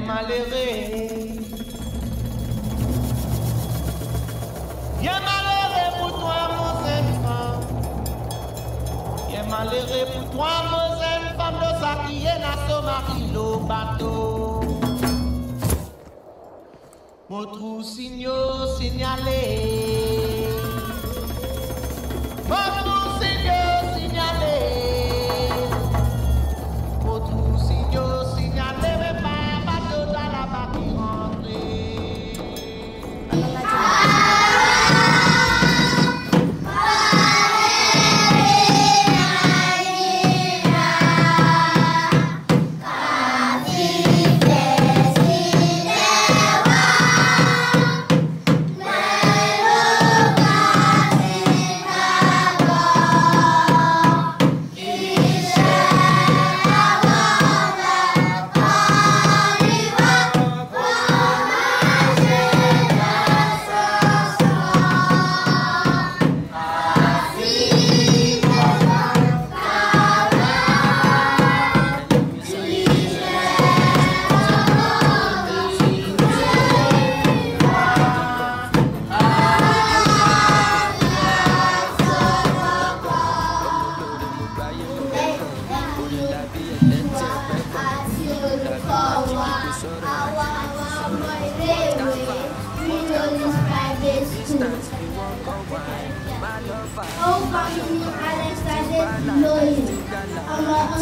malheureux. Il est malheureux pour toi, mon femme. Il est malheureux pour toi, mon enfant, de ça qui est la somme bateau. Mon trou signaux signalé. Mon trou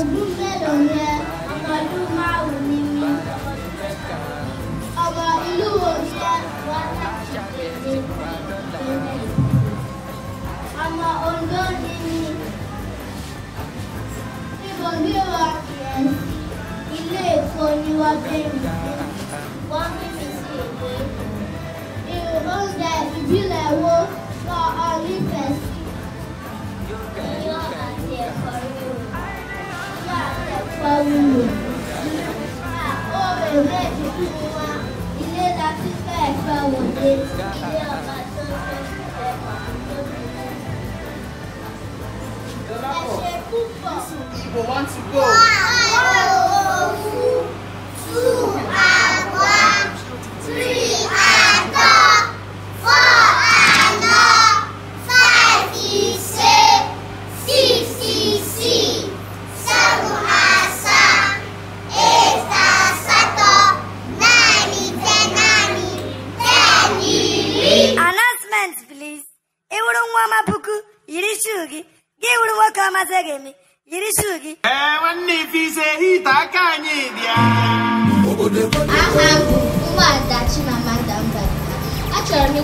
ọdún mélòó yẹn ọmọ ọdún márùn-ún ni mí ọmọ ilé ẹ̀kọ́ ni lò. ó bèbè tuntun wa ilé la ti fẹ́ ẹ̀fọ́ wòde ilé ọba to go. Wow.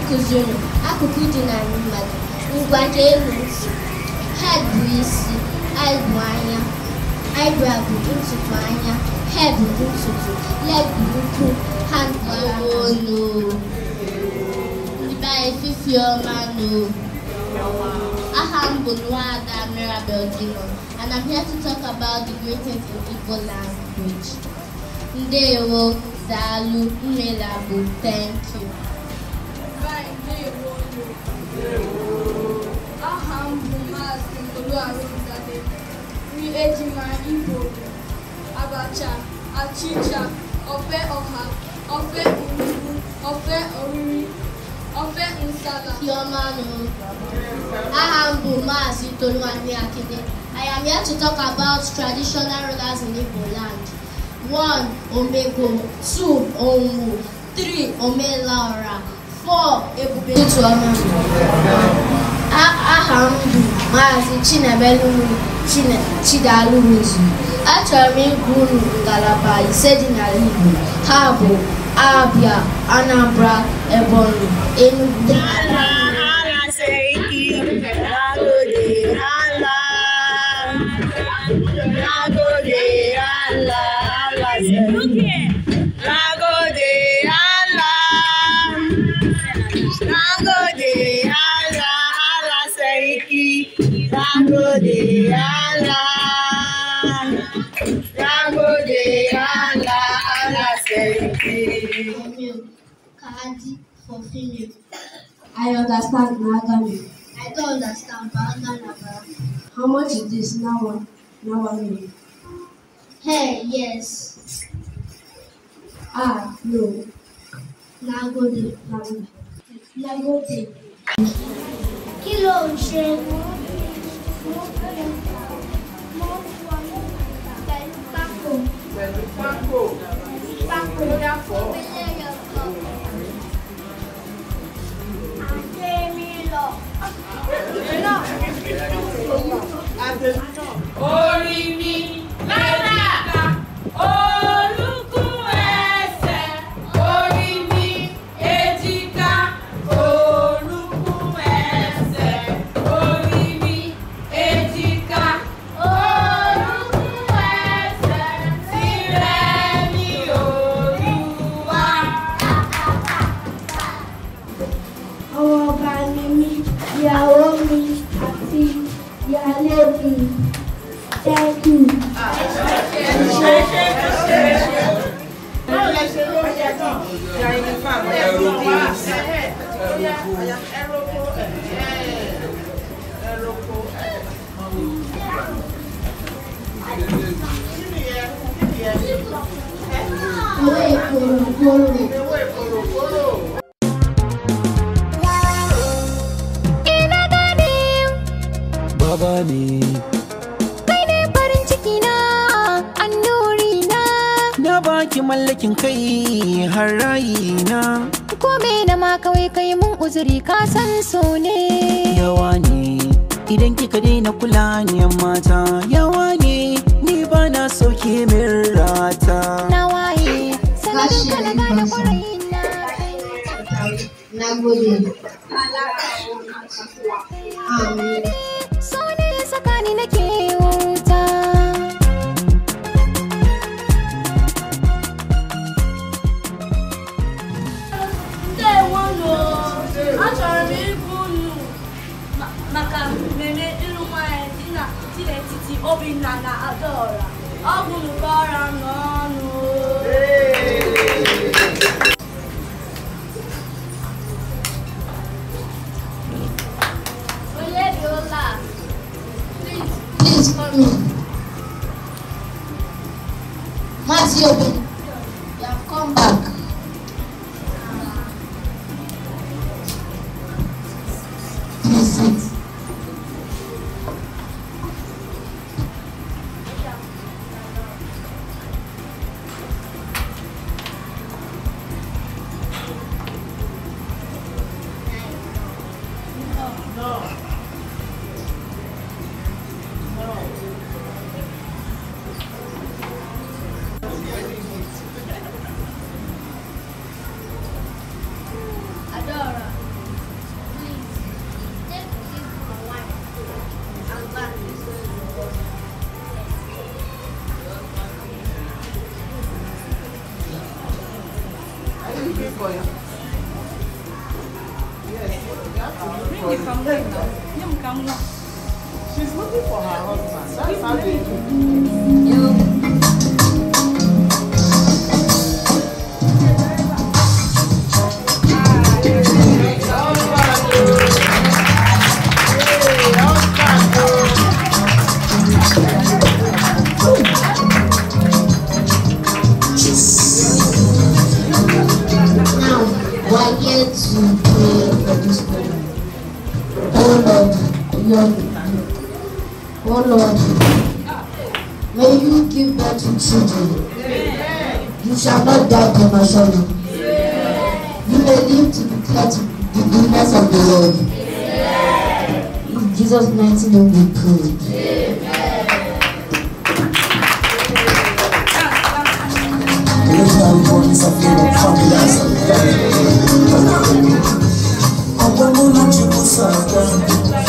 kụziri akụkụ dị na mmadụ ngwa nke elu ntị head bụ isi eye anya eyebrow bụ ntụtụ anya hair bụ leg bụ ụkwụ hand bụ aka ibe aha m bụ Nwada Mirabel Dino and I'm here to talk about the greatest in daalụ thank ejima Igbo abacha achịcha ofe ọha ofe onugbu ofe oriri ofe nsala aha m bụ maazị Toluwani Akide I am here to talk about traditional rulers in Igbo land. 1. Omego 2. Onwu 3. Omelaora 4. Ebube aha mbụ Maazị Chinebelu Chidalụ Mizu achọrọ m ịgụ unu ngalaba ise dị n'ala Igbo ha bụ Abia, Anambra, Ebonyi, Enugu I understand Nagami. I don't understand Banganaba. How much is this now? Uh, Nagami. Hey, yes. Ah, no. Nagode. Nagode. Nagode. Kí ló ń ṣe mú? Mú mú mú pẹ̀lú pákó pákó yàtọ̀. Ademi lọ. Ademi. ẹranko Baba ne. Kai ne farin ciki na annuri na. Na baki mallakin kai har rayi na. me na ma kawai kai mun uzuri ka san so ne yawa ne idan kika daina kula ne mata yawa ne ni ba na ke min rata na waye sanadin ka na gane kwarai na gode so ne sakani nake obi nna na-ada ọra n'ọnụ please please come in maazị I get to pray for this program. Oh Lord, Lord, oh Lord, oh, may you give birth to children. You shall not die prematurely. You may live to declare to the goodness of the Lord. In Jesus' mighty name we pray. I want what is something that comes as a day. I want to let you go,